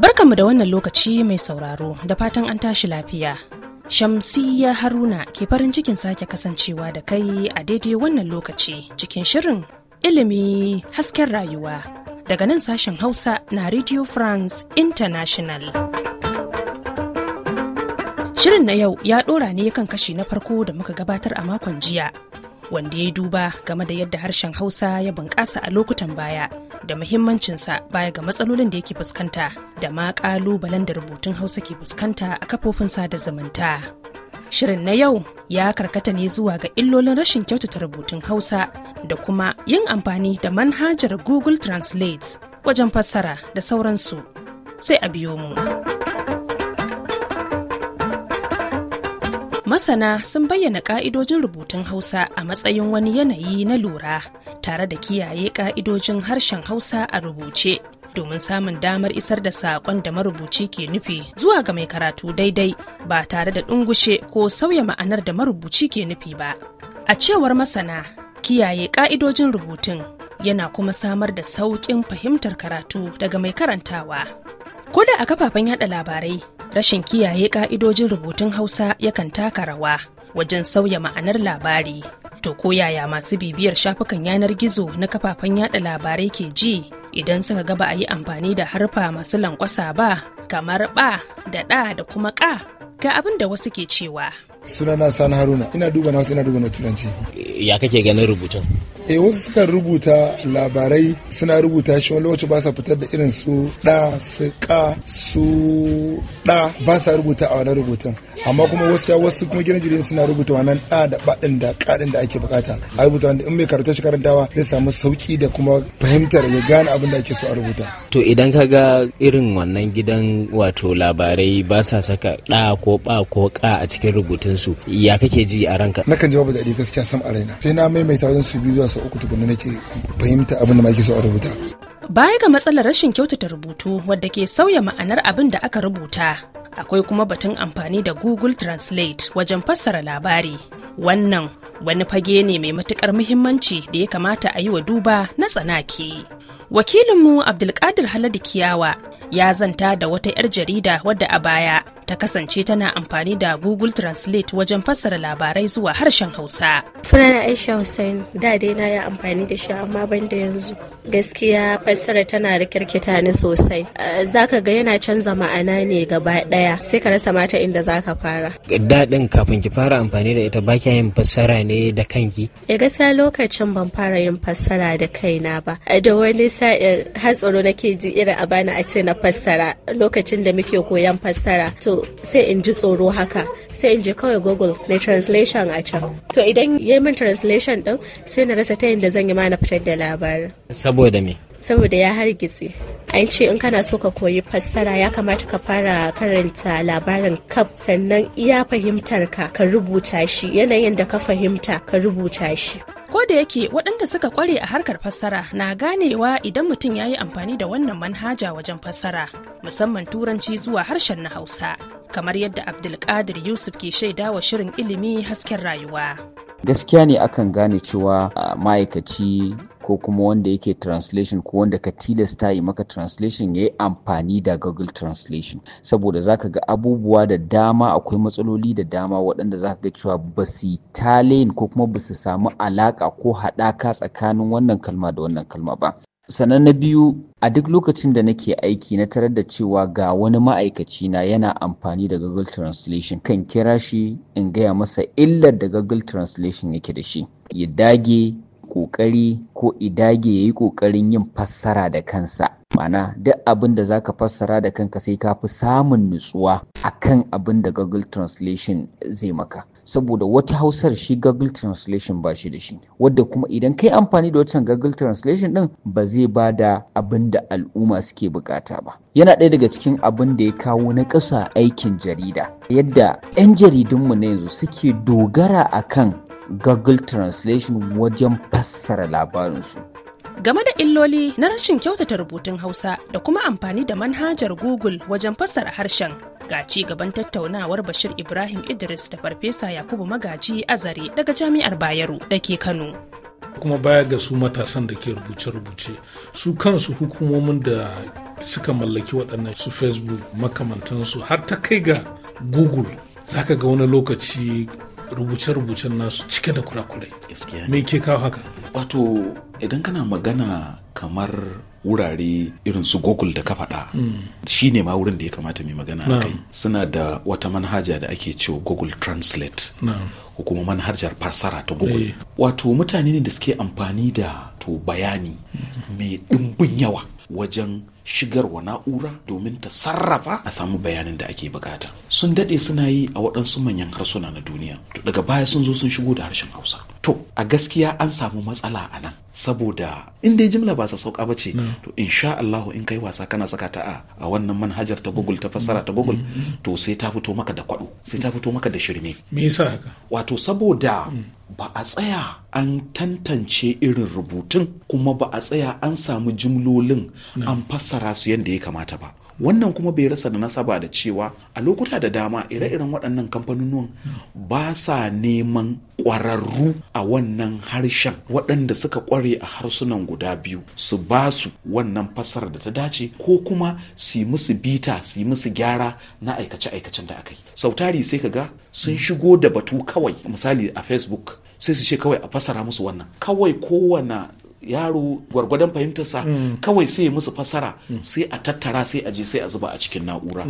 Barkanmu da wannan lokaci mai sauraro da fatan an tashi lafiya. Shamsiyya Haruna ke farin cikin sake kasancewa da kai a daidai wannan lokaci cikin shirin ilimi hasken rayuwa daga nan sashen Hausa na Radio France International. Shirin na yau ya ɗora ne kan kashi na farko da muka gabatar a makon jiya wanda ya duba game da yadda harshen hausa ya bunƙasa a lokutan baya da muhimmancinsa baya ga matsalolin da yake fuskanta da ma ƙalubalen da rubutun hausa ke fuskanta a kafofin sada zumunta shirin na yau ya karkata ne zuwa ga illolin rashin kyautata rubutun hausa da kuma yin amfani da manhajar google translate wajen fassara da sauransu sai a biyo mu. Masana sun bayyana ƙa'idojin rubutun Hausa a matsayin wani yanayi na lura, tare da kiyaye ƙa'idojin harshen Hausa a rubuce. domin samun damar isar da saƙon da marubuci ke nufi zuwa ga mai karatu daidai ba tare da ɗungushe ko sauya ma'anar da marubuci ke nufi ba. A cewar masana, kiyaye ƙa'idojin rubutun yana kuma samar da sauƙin fahimtar karatu daga mai karantawa. Ko da a kafafen yada labarai rashin kiyaye ka'idojin rubutun hausa yakan taka rawa wajen sauya ma'anar labari to ko yaya masu bibiyar shafukan yanar gizo na kafafen yada labarai ke ji idan suka ga ba a yi amfani da harfa masu lankwasa ba kamar ba da ɗa da kuma ƙa ga abin da wasu ke cewa sunana sani haruna ina duba na wasu ina duba na turanci ya kake ganin rubutun e wasu suka rubuta labarai suna rubuta shi wani lokaci ba sa fitar da irin su da su ka su da ba sa rubuta a wani rubutun amma kuma wasu wasu kuma gidan jirgin suna rubuta wannan ɗa da baɗin da ƙaɗin da ake bukata a rubuta wanda in mai karatu shi karantawa zai samu sauki da kuma fahimtar ya gane abin da ake so a rubuta to idan ka ga irin wannan gidan wato labarai ba sa saka ɗa ko ba ko ƙa a cikin rubutunsu ya kake ji a ranka na kan ji babu daɗi gaskiya sam a raina sai na maimaita wajen su biyu zuwa sau uku tukunna nake fahimta abin da ma ake so a rubuta baya ga matsalar rashin kyautata rubutu wadda ke sauya ma'anar abin da aka rubuta akwai kuma batun amfani da google translate wajen fassara labari wannan wani fage ne mai matuƙar muhimmanci da ya kamata a yi wa duba na tsanaki. wakilinmu abdulkadir haladu kiyawa ya zanta da wata 'yar jarida wadda a baya ta kasance tana amfani da google translate wajen fassara labarai zuwa harshen hausa sunana aisha hussein da dai na yi amfani da shi amma ban da yanzu gaskiya fassara tana da kirkita ni sosai eh, zaka ga yana canza ma'ana ne gaba daya sai ka rasa mata inda zaka fara daɗin kafin ki fara amfani da ita baki yin fassara ne da kanki ya eh, gaskiya lokacin ban fara yin fassara da kaina ba eh, da wani nisa sa'in eh, har tsoro nake ji irin a bana a ce na fassara lokacin da muke koyan fassara to sai in ji tsoro haka sai in je kawai google na translation a can to idan ya min translation din sai na rasa ta yadda zan yi mana fitar da labarin saboda me saboda ya hargitse an ce in kana so ka koyi fassara ya kamata ka fara karanta labarin kaf sannan iya fahimtar ka ka rubuta shi yanayin da ka fahimta ka rubuta shi ko da yake waɗanda suka kware a harkar fassara na ganewa idan mutum ya yi amfani da wannan manhaja wajen fassara musamman turanci zuwa harshen na hausa kamar yadda abdulkadir yusuf ke shaida wa shirin ilimi hasken rayuwa gaskiya ne akan gane cewa ma'aikaci ko kuma wanda yake translation ko wanda ka tilasta yi maka translation ya yi amfani da google translation saboda za ka ga abubuwa da dama akwai matsaloli da dama waɗanda za ka ga cewa ba su talayin ko kuma ba su samu alaƙa ko haɗaka tsakanin wannan kalma da wannan kalma ba sannan na biyu a duk lokacin da nake aiki na tarar da cewa ga wani ma'aikaci na yana amfani da google translation kan kira shi in gaya masa illar da google translation yake da shi ya dage ƙoƙari ko idage ya yi ƙoƙarin yin fassara da kansa mana duk abin da zaka fassara da kanka sai ka fi samun nutsuwa akan abin da google translation zai maka saboda wata hausar shi google translation ba shi da shi wadda kuma idan kai amfani da wancan google translation din ba zai ba da abin da al'umma suke bukata ba yana ɗaya daga cikin abin da ya kawo na ƙasa aikin jarida yadda 'yan jaridunmu na yanzu suke dogara akan Google Translation wajen fassara labarinsu. Game da illoli na rashin kyautata rubutun Hausa da kuma amfani da manhajar Google wajen fassara harshen ga ci gaban tattaunawar Bashir Ibrahim Idris da Farfesa Yakubu Magaji Azare daga Jami'ar Bayero da ke Kano. kuma baya ga su matasan da ke rubuce-rubuce su kansu hukumomin da suka mallaki waɗannan su facebook makamantansu har ta kai ga google zaka ga wani lokaci rubuce-rubucen nasu cike da kurakurai me ke kawo haka wato idan kana magana kamar wurare irin su google da ka faɗa hmm. shi ne ma wurin da ya kamata mai magana a kai suna da wata manhaja da ake cewa google translate ko kuma manhajar fassara ta google eh. wato mutane ne da suke amfani da to bayani hmm. mai ɗimbin yawa wajen shigarwa na'ura domin ta sarrafa a samu bayanin da ake bukata sun dade suna yi a waɗansu manyan harsuna na duniya to daga baya sun zo sun shigo da harshen hausa to a gaskiya an samu matsala a nan saboda in dai jimla ba sa sauka ba ce mm. to insha Allah in kai wasa kana saka ta a wannan manhajar ta Google ta fassara ta Google mm. to sai ta fito maka da kwado sai ta fito maka da shirme me yasa haka wato saboda mm. ba a tsaya an tantance irin rubutun kuma ba a tsaya an samu jimlolin an fassara su yadda ya kamata ba wannan kuma bai rasa da nasaba da cewa a lokuta da dama ire-iren waɗannan kamfanonin ba sa neman ƙwararru a wannan harshen waɗanda suka ƙware a harsunan guda biyu su ba su wannan fasar da ta dace ko kuma su musu bita su musu gyara na aikace-aikacen da aka yi sautari sai ka ga sun shigo da batu kawai misali a facebook sai su ce kawai a fasara musu wannan kawai kowane yaro gwargwadon fahimtarsa mm. kawai sai ya musu fasara mm. sai a tattara sai a je sai a zuba a cikin na'ura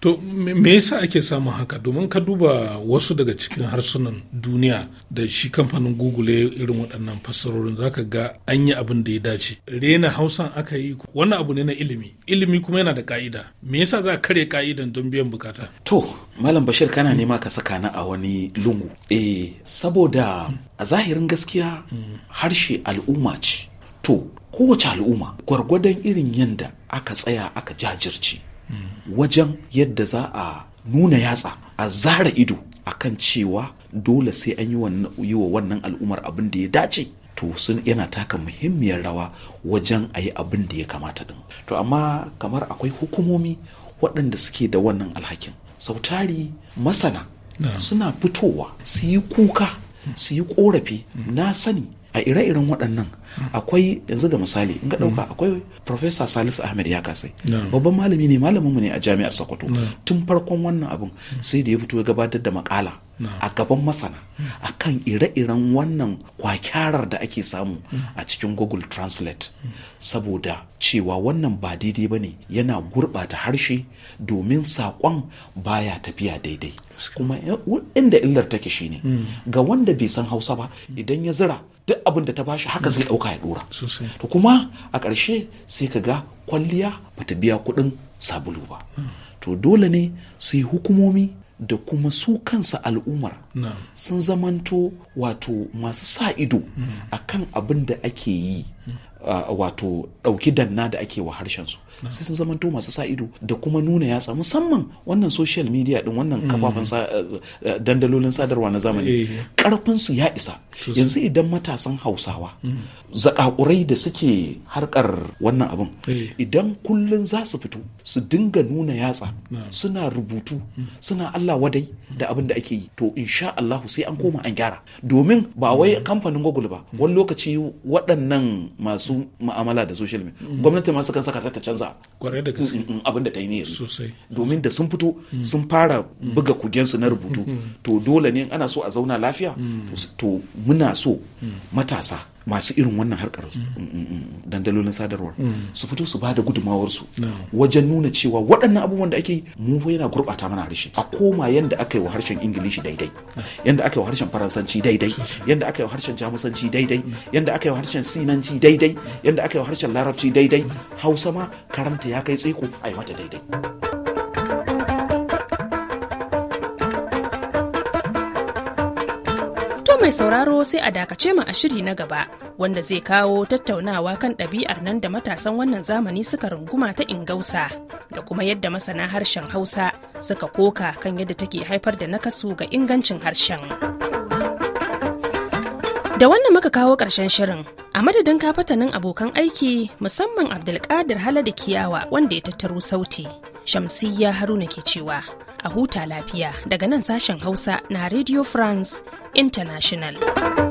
to me yasa ake samun haka domin ka duba wasu daga cikin harsunan duniya da shi kamfanin google irin waɗannan fassarorin zaka ga an yi abin da ya dace rena hausan aka yi wannan abu ne na ilimi ilimi kuma yana da ka'ida me yasa za a karya ka'idan don biyan bukata to Malam Bashir kana nema ka saka ni a wani lungu. Eh, saboda a zahirin gaskiya harshe al'umma ce. To, kowace al'umma gwargwadon irin yadda aka tsaya aka jajirce wajen yadda za a nuna yatsa a zara ido akan cewa dole sai an yi wa wannan al'ummar abin da ya dace to sun yana taka muhimmiyar rawa wajen a yi abin da ya kamata din to amma kamar akwai hukumomi waɗanda suke da wannan alhakin sautari masana suna fitowa su yi kuka su yi korafi mm. na sani a ire-iren waɗannan akwai yanzu da misali in ka hmm. ɗauka akwai Profesa Salisu Ahmed ya kasai babban malami ne malamin mu ne a jami'ar Sokoto tun farkon wannan abin hmm. sai da ya fito ya gabatar da makala a gaban masana hmm. a kan ire-iren wannan kwakyarar da ake samu a cikin Google Translate saboda cewa wannan ba daidai ba ne yana gurɓata harshe domin saƙon baya tafiya daidai kuma inda illar take shine ga wanda bai san Hausa ba idan ya zira duk abin da ta bashi haka zai ɗauka ya dora to kuma a ƙarshe sai ka ga kwalliya ba ta biya kuɗin sabulu ba hmm. to dole ne sai hukumomi da kuma su kansa al'ummar sun zamanto wato masu sa ido akan hmm. a kan abin da ake yi hmm. wato ɗauki danna da ake wa harshen su sai sun zama to masu sa ido da kuma nuna yatsa musamman wannan social media din wannan mm. kafafen eh, eh, dandalolin sadarwa na zamani karfin eh. su ya isa yanzu idan matasan hausawa mm. zakakurai da suke harkar wannan abin idan kullun za su fito su dinga nuna yatsa suna rubutu mm. suna Allah wadai da abin da ake yi to insha allahu sai an koma an gyara domin ba wai kamfanin Google ba wani lokaci waɗannan masu wajen mu'amala da social media gwamnati ma sukan saka ta canza mm, mm, abin da ta yi ne sosai domin da sun fito sun fara buga kugensu na rubutu to dole ne ana so a zauna lafiya to muna so matasa masu irin wannan harkar mm. Mm, mm, dandalolin sadarwar su fito su ba da su wajen nuna cewa waɗannan abubuwan da ake mu yana gurɓata mana harshe a koma yadda aka yi wa harshen ingilishi daidai yadda aka yi wa harshen faransanci daidai yadda aka yi wa harshen jamusanci daidai yadda aka yi wa harshen sinanci daidai yadda aka yi wa harshen larabci daidai hausa ma karanta ya kai tsaiko a yi mata daidai mai sauraro sai a dakace mu a shiri na gaba wanda zai kawo tattaunawa kan ɗabi'ar nan da matasan wannan zamani suka runguma ta ingausa da kuma yadda masana harshen Hausa suka koka kan yadda take haifar da nakasu ga ingancin harshen. Da wannan muka kawo ƙarshen shirin a madadin kafatanin abokan aiki musamman Abdulkadir da Kiyawa wanda ya tattaro sauti. Shamsiyya Haruna ke cewa a huta lafiya daga nan sashen hausa na radio france international